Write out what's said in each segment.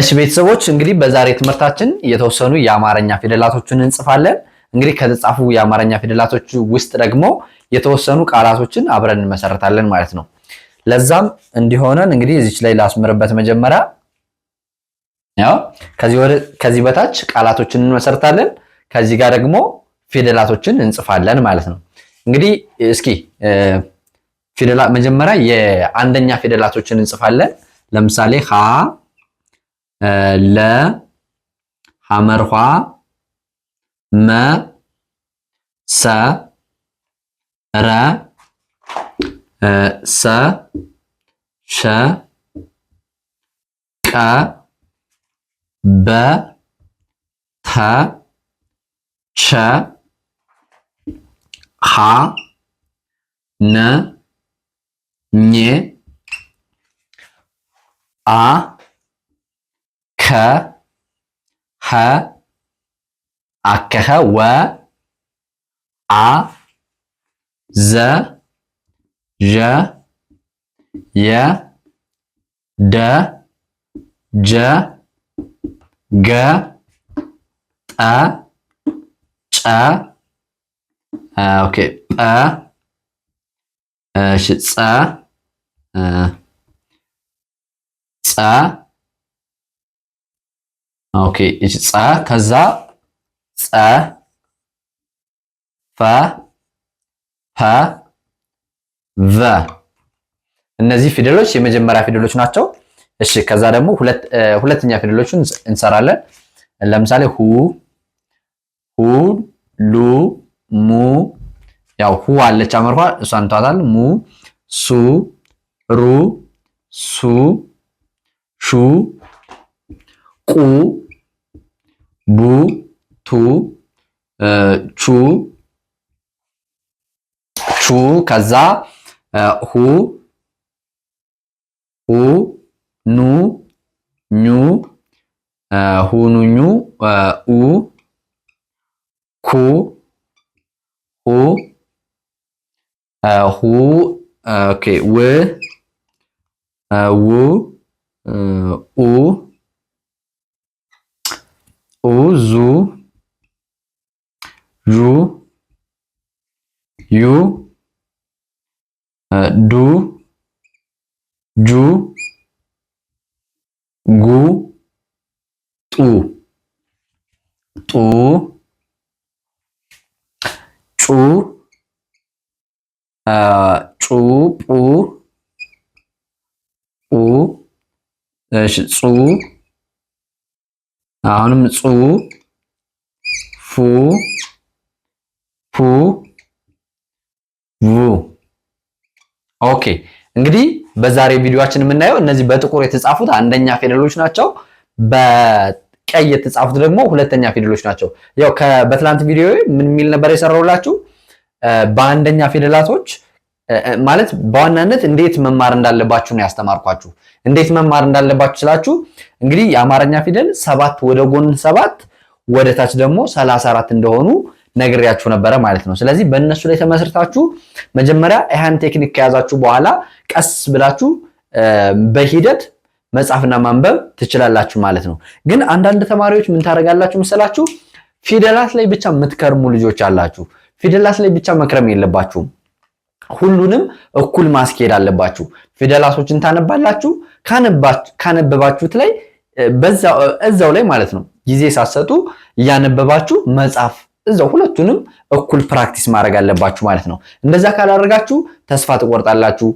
እሺ ቤተሰቦች እንግዲህ በዛሬ ትምህርታችን የተወሰኑ የአማርኛ ፊደላቶችን እንጽፋለን። እንግዲህ ከተጻፉ የአማርኛ ፊደላቶች ውስጥ ደግሞ የተወሰኑ ቃላቶችን አብረን እንመሰረታለን ማለት ነው። ለዛም እንዲሆነን እንግዲህ እዚች ላይ ላስምርበት። መጀመሪያ ያው ከዚህ በታች ቃላቶችን እንመሰርታለን፣ ከዚህ ጋር ደግሞ ፊደላቶችን እንጽፋለን ማለት ነው። እንግዲህ እስኪ መጀመሪያ የአንደኛ ፊደላቶችን እንጽፋለን። ለምሳሌ ሃ። ለ ሐመርኋ መ ሰ ረ ሰ ሸ ቀ በ ተ ቸ ሀ ነ ኜ አ ከ ሀ አከኸ ወ አ ዘ ዠ የ ደ ጀ ገ ጠ ጨ ኦኬ ጰ እሺ ጸ ጸ ኦኬ እቺ ፀ ከዛ ፀ ፈ ፐ ቨ እነዚህ ፊደሎች የመጀመሪያ ፊደሎች ናቸው። እሺ ከዛ ደግሞ ሁለተኛ ፊደሎችን እንሰራለን። ለምሳሌ ሁ ሁ ሉ ሙ ያው ሁ አለች አመርኳ እሷን እንተዋታል። ሙ ሱ ሩ ሱ ሹ ቁ ቡ ቱ ቹ ቹ ከዛ ሁ ሁ ኑ ኙ ሁኑኙ ኡ ኩ ሁ ሁ ኦኬ ው ው ኡ ኡ ዙ ዡ ዩ ዱ ጁ ጉ ጡ ጡ ጩ ጩ ጡ ጡ ጹ አሁንም ጹ ፉ ፑ ቡ። ኦኬ እንግዲህ በዛሬ ቪዲዮአችን የምናየው እነዚህ በጥቁር የተጻፉት አንደኛ ፊደሎች ናቸው። በቀይ የተጻፉት ደግሞ ሁለተኛ ፊደሎች ናቸው። ያው በትላንት ቪዲዮ ምን የሚል ነበር የሰራውላችሁ በአንደኛ ፊደላቶች ማለት በዋናነት እንዴት መማር እንዳለባችሁ ነው ያስተማርኳችሁ። እንዴት መማር እንዳለባችሁ ስላችሁ እንግዲህ የአማርኛ ፊደል ሰባት ወደ ጎን ሰባት ወደ ታች ደግሞ ሰላሳ አራት እንደሆኑ ነግሬያችሁ ነበረ ማለት ነው። ስለዚህ በእነሱ ላይ ተመስርታችሁ መጀመሪያ ይህን ቴክኒክ ከያዛችሁ በኋላ ቀስ ብላችሁ በሂደት መጻፍና ማንበብ ትችላላችሁ ማለት ነው። ግን አንዳንድ ተማሪዎች ምን ታደርጋላችሁ መሰላችሁ? ፊደላት ላይ ብቻ የምትከርሙ ልጆች አላችሁ። ፊደላት ላይ ብቻ መክረም የለባችሁም። ሁሉንም እኩል ማስኬድ አለባችሁ። ፊደላቶችን ታነባላችሁ። ካነበባችሁት ላይ እዛው ላይ ማለት ነው ጊዜ ሳትሰጡ እያነበባችሁ መጻፍ እዛው ሁለቱንም እኩል ፕራክቲስ ማድረግ አለባችሁ ማለት ነው። እንደዛ ካላደረጋችሁ ተስፋ ትቆርጣላችሁ።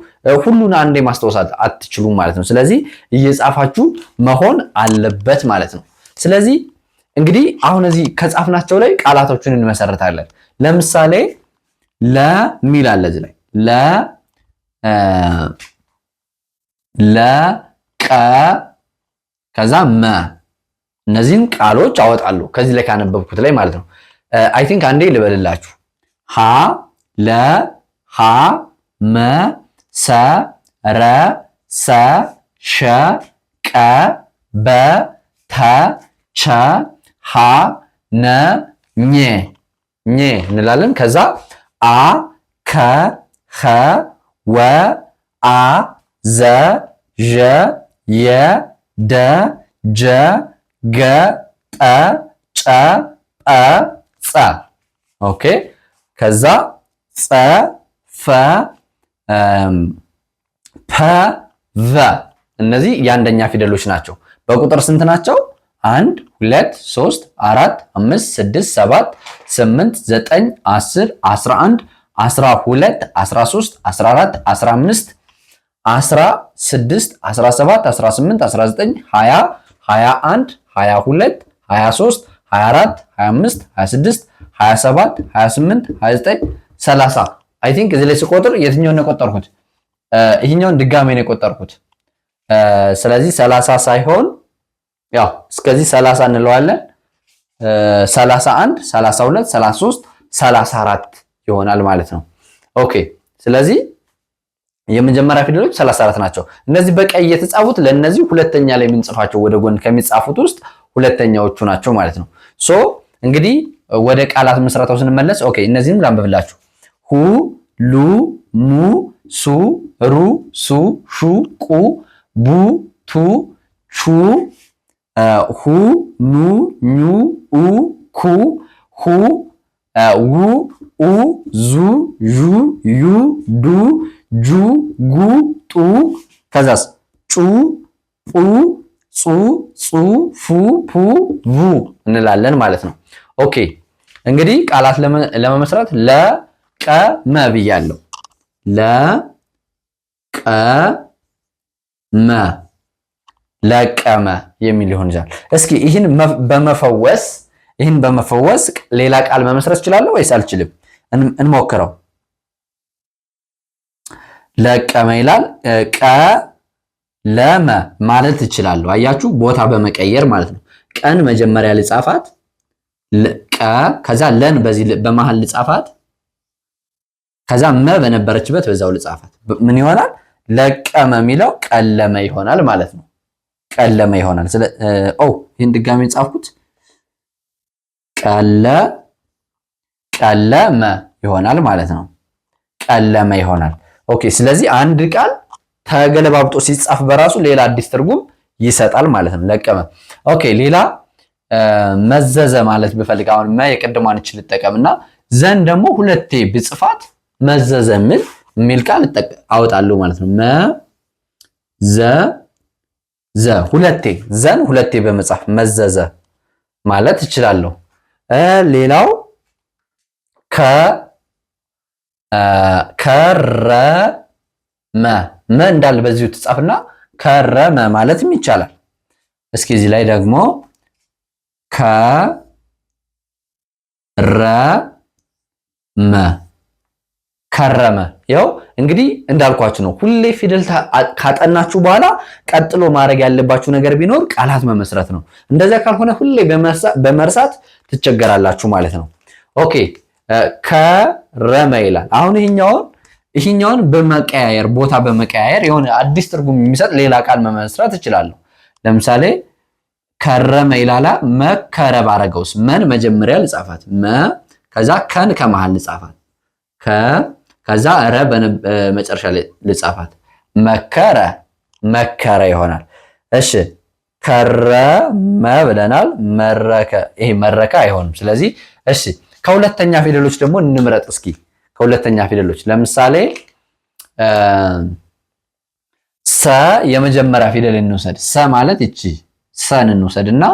ሁሉን አንዴ ማስታወሳት አትችሉም ማለት ነው። ስለዚህ እየጻፋችሁ መሆን አለበት ማለት ነው። ስለዚህ እንግዲህ አሁን እዚህ ከጻፍናቸው ላይ ቃላቶችን እንመሰርታለን። ለምሳሌ ለሚል አለ እዚህ ላይ ለ ለ ቀ ከዛ መ እነዚህን ቃሎች አወጣሉ ከዚህ ላይ ካነበብኩት ላይ ማለት ነው። አይ ቲንክ አንዴ ልበልላችሁ። ሀ ለ ሀ መ ሰ ረ ሰ ሸ ቀ በ ተ ቸ ሀ ነ ኘ ኘ እንላለን። ከዛ አ ከ ኸ ወ አ ዘ ዠ የ ደ ጀ ገ ጠ ጨ ጰ ጸ ኦኬ። ከዛ ጸ ፈ ፐ ቨ እነዚህ የአንደኛ ፊደሎች ናቸው። በቁጥር ስንት ናቸው? አንድ ሁለት ሶስት አራት አምስት ስድስት ሰባት ስምንት ዘጠኝ አስር አስራ አንድ 12 13 14 15 16 17 18 19 20 21 22 23 24 25 26 27 28 29 30 አይ ቲንክ እዚህ ላይ ስቆጥር የትኛውን ነው የቆጠርኩት? ይህኛውን ድጋሜ ነው የቆጠርኩት። ስለዚህ 30 ሳይሆን ያው እስከዚህ 30 እንለዋለን። 31 32 33 34 ይሆናል ማለት ነው። ኦኬ ስለዚህ የመጀመሪያ ፊደሎች 34 ናቸው። እነዚህ በቀይ የተጻፉት ለእነዚህ ሁለተኛ ላይ የምንጽፋቸው ወደ ጎን ከሚጻፉት ውስጥ ሁለተኛዎቹ ናቸው ማለት ነው። ሶ እንግዲህ ወደ ቃላት መስራታው ስንመለስ ኦኬ እነዚህም ላንብብላችሁ ሁ ሉ ኑ ሱ ሩ ሱ ሹ ቁ ቡ ቱ ቹ ሁ ኑ ኙ ኡ ኩ ሁ ው ኡ ዙ ዡ ዩ ዱ ጁ ጉ ጡ ከዛስ ጩ ጡ ጹ ጹ ፉ ፑ ቡ እንላለን ማለት ነው። ኦኬ እንግዲህ ቃላት ለመመስረት ለቀመ ብያለሁ። ለቀመ ለቀመ የሚል ይሆን ይችላል። እስኪ ይህን በመፈወስ ይህን በመፈወስ ሌላ ቃል መመስረት እችላለሁ ወይስ አልችልም? እንሞክረው። ለቀመ ይላል። ቀ ለመ ማለት እችላለሁ። አያችሁ፣ ቦታ በመቀየር ማለት ነው። ቀን መጀመሪያ ልጻፋት ቀ፣ ከዛ ለን በዚህ በመሃል ልጻፋት፣ ከዛ መ በነበረችበት በዛው ልጻፋት። ምን ይሆናል? ለቀመ የሚለው ቀለመ ይሆናል ማለት ነው። ቀለመ ይሆናል። ስለ ኦ ይህን ድጋሚ ጻፍኩት። ቀለ ቀለመ ይሆናል ማለት ነው። ቀለመ ይሆናል። ኦኬ። ስለዚህ አንድ ቃል ተገለባብጦ ሲጻፍ በራሱ ሌላ አዲስ ትርጉም ይሰጣል ማለት ነው። ለቀመ። ኦኬ። ሌላ መዘዘ ማለት ብፈልግ አሁን መ የቅድሟን እች ልጠቀምና ዘን ደግሞ ሁለቴ ብጽፋት መዘዘ የሚል የሚል ቃል አወጣለሁ ማለት ነው። መዘ ዘ ሁለቴ ዘን ሁለቴ በመጻፍ መዘዘ ማለት እችላለሁ። ሌላው ከ ከረመ መ እንዳለ በዚሁ ትጻፍና ከረመ ማለትም ይቻላል። እስኪ እዚህ ላይ ደግሞ ከረመ ከረመ ያው እንግዲህ እንዳልኳችሁ ነው። ሁሌ ፊደል ካጠናችሁ በኋላ ቀጥሎ ማድረግ ያለባችሁ ነገር ቢኖር ቃላት መመስረት ነው። እንደዚያ ካልሆነ ሁሌ በመርሳት ትቸገራላችሁ ማለት ነው። ኦኬ ከረመ ይላል። አሁን ይህኛውን ይህኛውን በመቀያየር ቦታ በመቀያየር የሆነ አዲስ ትርጉም የሚሰጥ ሌላ ቃል መመስረት እችላለሁ። ለምሳሌ ከረመ ይላላ መከረ ባረገውስ መን መጀመሪያ ልጻፋት መ ከዛ ከን ከመሃል ልጻፋት ከ ከዛ ረ መጨረሻ ልጻፋት መከረ መከረ ይሆናል። እሺ ከረመ ብለናል። መረከ ይሄ መረከ አይሆንም። ስለዚህ እሺ ከሁለተኛ ፊደሎች ደግሞ እንምረጥ እስኪ ከሁለተኛ ፊደሎች ለምሳሌ ሰ የመጀመሪያ ፊደል እንውሰድ። ሰ ማለት እቺ ሰን እንውሰድ እና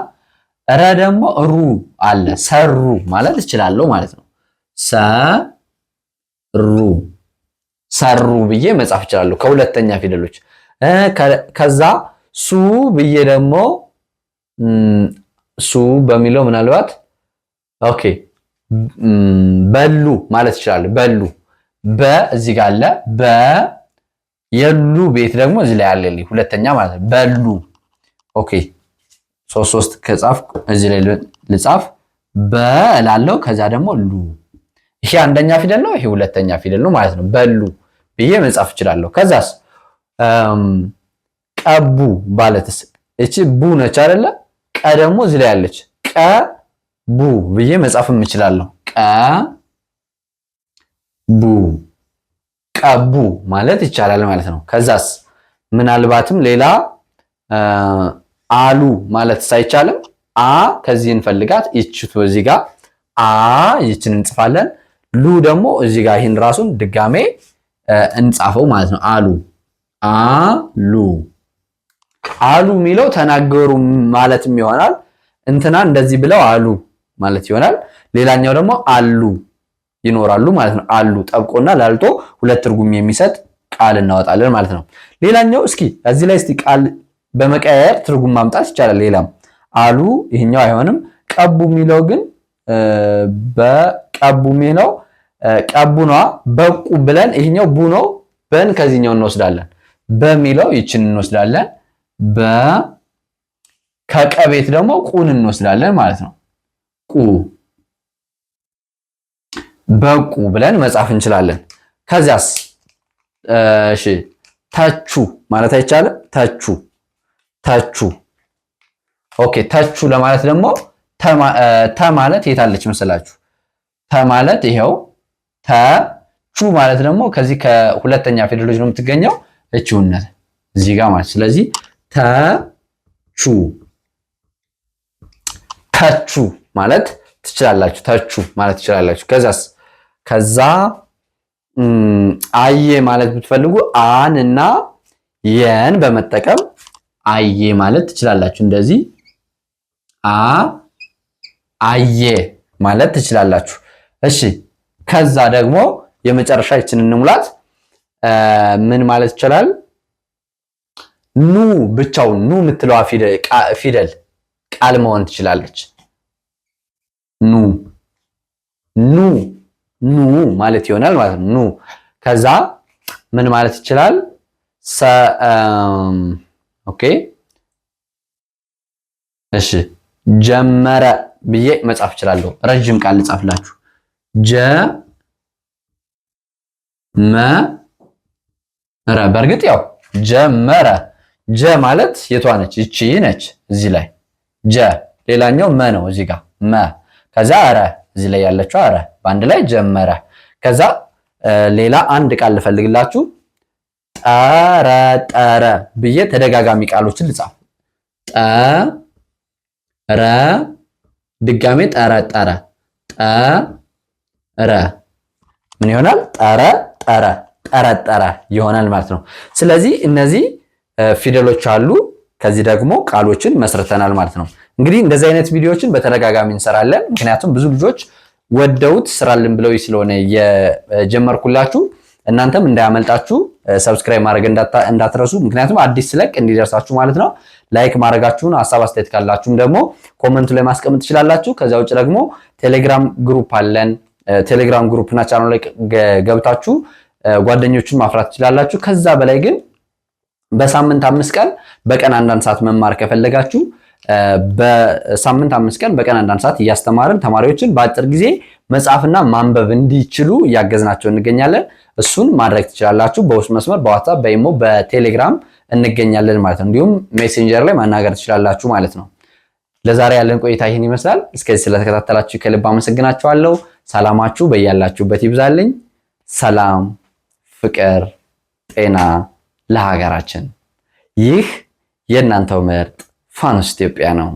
ረ ደግሞ ሩ አለ ሰሩ ማለት እችላለሁ ማለት ነው። ሰ ሩ ሰሩ ብዬ መጻፍ እችላለሁ። ከሁለተኛ ፊደሎች ከዛ ሱ ብዬ ደግሞ ሱ በሚለው ምናልባት ኦኬ በሉ ማለት እችላለሁ። በሉ በ እዚህ ጋር አለ። በ የሉ ቤት ደግሞ እዚህ ላይ አለ። ሁለተኛ ማለት ነው። በሉ ኦኬ። ሶስት ሶስት ከጻፍ እዚህ ላይ ልጻፍ በ እላለሁ። ከዛ ደግሞ ሉ ይሄ አንደኛ ፊደል ነው፣ ይሄ ሁለተኛ ፊደል ነው ማለት ነው። በሉ ብዬ መጻፍ እችላለሁ። ከዛስ ቀቡ ባለትስ እቺ ቡ ነች አይደለ? ቀ ደግሞ እዚህ ላይ ያለች ቀ ቡ ብዬ መጻፍም እችላለሁ። ቀ ቡ ቀቡ ማለት ይቻላል ማለት ነው። ከዛስ ምናልባትም ሌላ አሉ ማለት አይቻልም አ ከዚህ እንፈልጋት ይችቱ እዚህ ጋር አ ይችን እንጽፋለን። ሉ ደግሞ እዚህ ጋር ይህን ራሱን ድጋሜ እንጻፈው ማለት ነው። አሉ አሉ አሉ የሚለው ተናገሩ ማለትም ይሆናል። እንትና እንደዚህ ብለው አሉ ማለት ይሆናል። ሌላኛው ደግሞ አሉ ይኖራሉ ማለት ነው። አሉ ጠብቆና ላልጦ ሁለት ትርጉም የሚሰጥ ቃል እናወጣለን ማለት ነው። ሌላኛው እስኪ እዚህ ላይ እስቲ ቃል በመቀያየር ትርጉም ማምጣት ይቻላል። ሌላም አሉ ይህኛው አይሆንም። ቀቡ የሚለው ግን በቀቡ የሚለው ቀቡኗ በቁ ብለን ይህኛው ቡ ነው። በን ከዚህኛው እንወስዳለን። በሚለው ይችን እንወስዳለን። በ ከቀቤት ደግሞ ቁን እንወስዳለን ማለት ነው። ቁ በቁ ብለን መጻፍ እንችላለን። ከዚያስ እሺ ተቹ ማለት አይቻልም። ተቹ ተቹ ኦኬ። ተቹ ለማለት ደግሞ ተ ማለት የታለች መስላችሁ? ተ ማለት ይሄው ተ ቹ ማለት ደግሞ ከዚህ ከሁለተኛ ፊደሎች ነው የምትገኘው እችውነት እዚህ ጋር ማለት ስለዚህ ተ ቹ ተቹ ማለት ትችላላችሁ። ተቹ ማለት ትችላላችሁ። ከዛስ ከዛ አየ ማለት ብትፈልጉ አን እና የን በመጠቀም አየ ማለት ትችላላችሁ። እንደዚህ አ አየ ማለት ትችላላችሁ። እሺ ከዛ ደግሞ የመጨረሻ ይችን እንሙላት። ምን ማለት ይችላል? ኑ ብቻውን ኑ የምትለዋ ፊደል ቃል መሆን ትችላለች። ኑ ኑ ኑ ማለት ይሆናል ማለት ነው። ኑ ከዛ ምን ማለት ይችላል? ኦኬ እሺ ጀመረ ብዬ መጻፍ እችላለሁ። ረጅም ቃል ልጻፍላችሁ። ጀ መ ረ በእርግጥ ያው ጀመረ ጀ ማለት የቷ ነች? ይቺ ነች። እዚህ ላይ ጀ ሌላኛው መ ነው። እዚህ ጋር መ ከዛ ረ እዚህ ላይ ያለችው ረ በአንድ ላይ ጀመረ። ከዛ ሌላ አንድ ቃል ልፈልግላችሁ። ጠረጠረ ብዬ ተደጋጋሚ ቃሎችን ልጻፍ። ጠረ ድጋሜ ጠረጠረ ጠ ጠረ ምን ይሆናል? ጠረ ጠረ ጠረጠረ ይሆናል ማለት ነው። ስለዚህ እነዚህ ፊደሎች አሉ። ከዚህ ደግሞ ቃሎችን መስርተናል ማለት ነው። እንግዲህ እንደዚህ አይነት ቪዲዮዎችን በተደጋጋሚ እንሰራለን። ምክንያቱም ብዙ ልጆች ወደውት ስራልን ብለው ስለሆነ የጀመርኩላችሁ እናንተም እንዳያመልጣችሁ ሰብስክራይብ ማድረግ እንዳትረሱ። ምክንያቱም አዲስ ስለቅ እንዲደርሳችሁ ማለት ነው። ላይክ ማድረጋችሁን፣ ሀሳብ አስተያየት ካላችሁም ደግሞ ኮመንቱ ላይ ማስቀመጥ ትችላላችሁ። ከዚያ ውጭ ደግሞ ቴሌግራም ግሩፕ አለን ቴሌግራም ግሩፕ እና ቻናል ላይ ገብታችሁ ጓደኞቹን ማፍራት ትችላላችሁ። ከዛ በላይ ግን በሳምንት አምስት ቀን በቀን አንዳንድ ሰዓት መማር ከፈለጋችሁ በሳምንት አምስት ቀን በቀን አንዳንድ ሰዓት እያስተማርን ተማሪዎችን በአጭር ጊዜ መጻፍና ማንበብ እንዲችሉ እያገዝናቸው እንገኛለን። እሱን ማድረግ ትችላላችሁ። በውስጥ መስመር፣ በዋትሳፕ፣ በኢሞ፣ በቴሌግራም እንገኛለን ማለት ነው። እንዲሁም ሜሴንጀር ላይ ማናገር ትችላላችሁ ማለት ነው። ለዛሬ ያለን ቆይታ ይህን ይመስላል። እስከዚህ ስለተከታተላችሁ ከልብ አመሰግናችኋለሁ። ሰላማችሁ በያላችሁበት ይብዛልኝ። ሰላም፣ ፍቅር፣ ጤና ለሀገራችን። ይህ የእናንተው ምርጥ ፋኖስ ኢትዮጵያ ነው።